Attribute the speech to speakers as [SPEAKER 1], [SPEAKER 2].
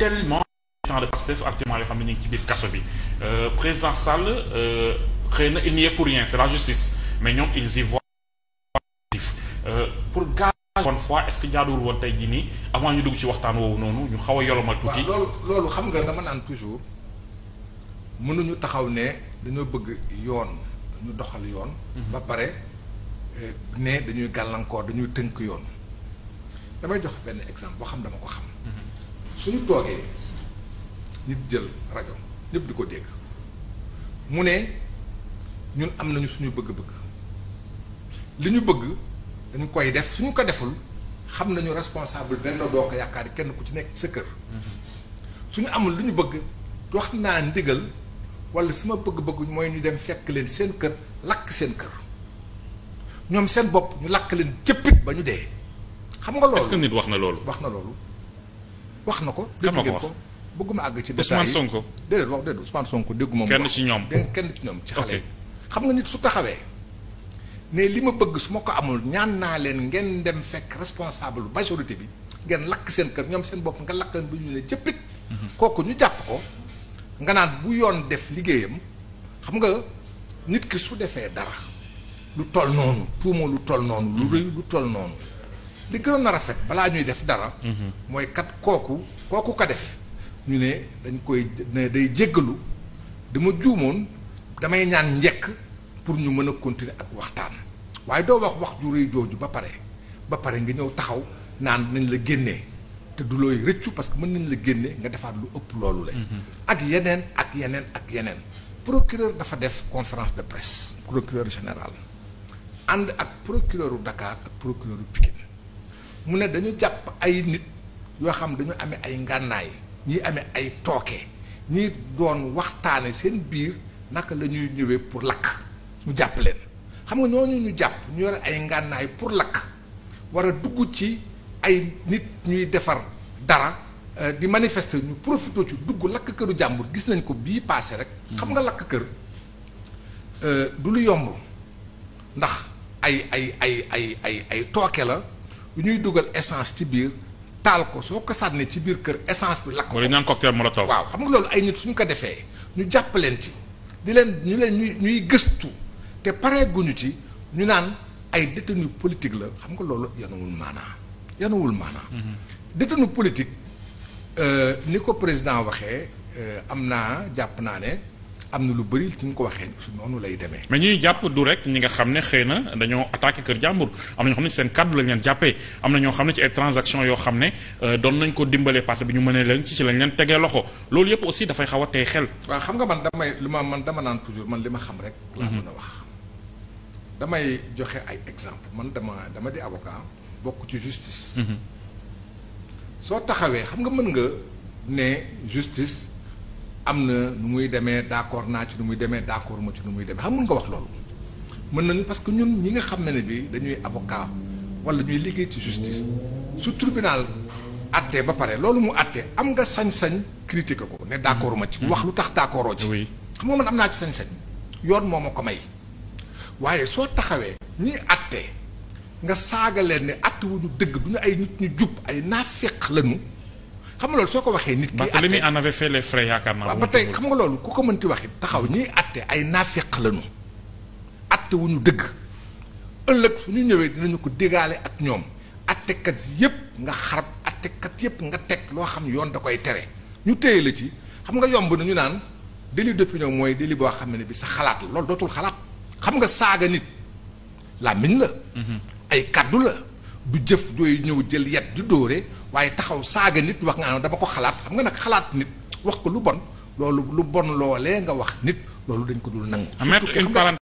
[SPEAKER 1] tellement de Pastef actuellement yoo xam ne ñu ngi ci biir kaso bi euh, président Sall euh, xëy na il n'y est pour rien c'est la justice mais ñoom ils y voient euh, pour gage bonne fois est-ce que jaaduwul woon tey jii ni avant ñu dugg ci waxtaan woowu noonu ñu xaw a yolomal tuuti loolu xam nga dama naan toujours mënuñu taxaw ne dañoo
[SPEAKER 2] bëgg yoon ñu doxal yoon mhm. ba pare euh, ne dañuy gàllankoor dañuy tënk yoon damay jox benn exemple boo xam dama ko xam suñu toogee nit jël rajo ñëpp di ko dégg mu ne ñun am nañu suñu bëgg-bëgg li ñu bëgg dañ koy def suñu ko deful xam nañu responsable benn doo ko yaakaar kenn ku ci nekk sa kër suñu amul li ñu bëgg wax naa ndigal wala sama bëgg-bëgg mooy ñu dem fekk leen seen kër lakk seen kër ñoom seen bopp ñu lakk leen jëppit ba ñu dee xam nga loolu est wax na loolu wax na loolu wax na ko. kan ma ko wax bëgguma àgg ci. Ousmane Sonko déedéet wax déedéet Ousmane Sonko dégguma. kenn ci ñoom kenn ci ñoom ci xale yi. xam nga nit su taxawee ne li ma bëgg su ma ko amul ñaan naa leen ngeen dem fekk responsable majorité bi ngeen lakk seen kër ñoom seen bopp nga lakk leen bu ñu ne jëppit. Mhm. kooku ñu jàpp ko nga naan bu yoon def liggéeyam xam nga nit ki su defee dara lu toll noonu tuuma lu toll noonu. lu mhm. rëy lu toll noonu. li gën na rafet balaa ñuy def dara. Mhm. mooy kat kooku kooku ko def ñu ne dañ koy ne day jéggalu dama juumoon damay ñaan njekk pour ñu mën a continuer ak waxtaan waaye doo wax wax ju rëy jooju ba pare ba pare ngi ñëw taxaw naan nañ la génnee te du looy rëccu parce que mën nañ la génnee nga defaat lu ëpp loolu la. Mhm. ak yeneen ak yeneen ak yeneen. procureur dafa def conférence de presse. procureur général ànd ak procureuru Dakar ak procureuru Pikine mu ne dañu jàpp ay nit yoo xam dañu amee ay ngànnaay ñii amee ay tooke ñii doon waxtaane seen biir naka la ñuy ñëwee pour lakk ñu jàpp leen xam nga ñooñu ñu jàpp ñu yore ay ngànnaay pour lakk war a dugg ci ay nit ñuy defar dara euh, di manifester ñu profité ci dugg lakk këru jàmbur gis nañ ko bii paase rek. Mm-hmm. xam nga lakk kër euh, du lu yomb ndax ay ay ay ay ay ay tooke la. bu ñuy dugal essence ci biir taal ko soo ko sànnee ci biir kër essence
[SPEAKER 1] bi lakk ko. wala cocktail molotov waaw xam
[SPEAKER 2] nga loolu ay nit suñ ko defee ñu jàppaleen ci di leen ñu leen ñuy gëstu te pareeguñu ci ñu naan ay détenu politique la xam nga loolu yanuwul maanaa yanuwul maanaa. Mm-hmm. détenu politique euh, ni ko président waxee euh, am naa jàpp naa ne. am na lu bëri ci ñu ko waxee su noonu lay demee.
[SPEAKER 1] mais ñuy jàpp du rek ñi nga xam ne xëy na dañoo attaqué kër jàmbur am na ñoo xam ne seen kàddu lañ leen jàppee am ñoo xam ne ci ay transaction yoo xam ne euh, doon nañ ko dimbalee parti bi ñu mënee leen ci ci lañ leen tegee loxo loolu yëpp aussi dafay xaw a tey xel.
[SPEAKER 2] waaw xam nga man damay lu ma man dama naan toujours man li ma xam rek. laa mhm. mën a wax damay joxe ay exemple man dama dama di avocat bokk ci justice. Mhm. soo taxawee xam nga mën nga ne justice. am na nu muy demee d'accord naa ci nu muy demee d'accord ma ci nu muy demee xam mun nga wax loolu mën nañu parce que ñun ñi nga xam ne ne bi dañuy avocat wala ñuy liggéey ci justice su tribunal attee ba pare loolu mu attee am nga sañ-sañ critiquer ko ne d'accord ma ci mm-hmm. wax lu tax d'accordoo ci xam nga man am naa ci sañ-sañ yoon moo ma ko may waaye soo taxawee ñi attee nga saaga leen ne atte wuñu dëgg du ñu ay nit ñu jub ay naafeq lañu xam nga loolu soo ko waxee nit ki Barthélemy
[SPEAKER 1] en avait fait les frais yaakaar naa ba tey xam
[SPEAKER 2] nga loolu ku ko mënti waxit taxaw ñiy atte ay naafeq lañu atte wu ñu dëgg ëllëg su ñu ñëwee dinañu ko dégaale ak ñoom attekat yépp nga xarab attekat yépp nga teg loo xam yoon da koy tere ñu téye la ci xam nga yomb nañu naan naan délit d'opinion mooy délit boo xam ne bi sa xalaat lool loolu dootul xalaat xam nga saaga nit làmmiñ la mhm. ay kàddu la du jëf dooy ñëw jël yet di dóore waaye taxaw saaga nit wax nga dama ko xalaat xam nga nag xalaat nit wax ko lu bon loolu lu bon loolee nga wax nit loolu dañ ko dul nangu. surtout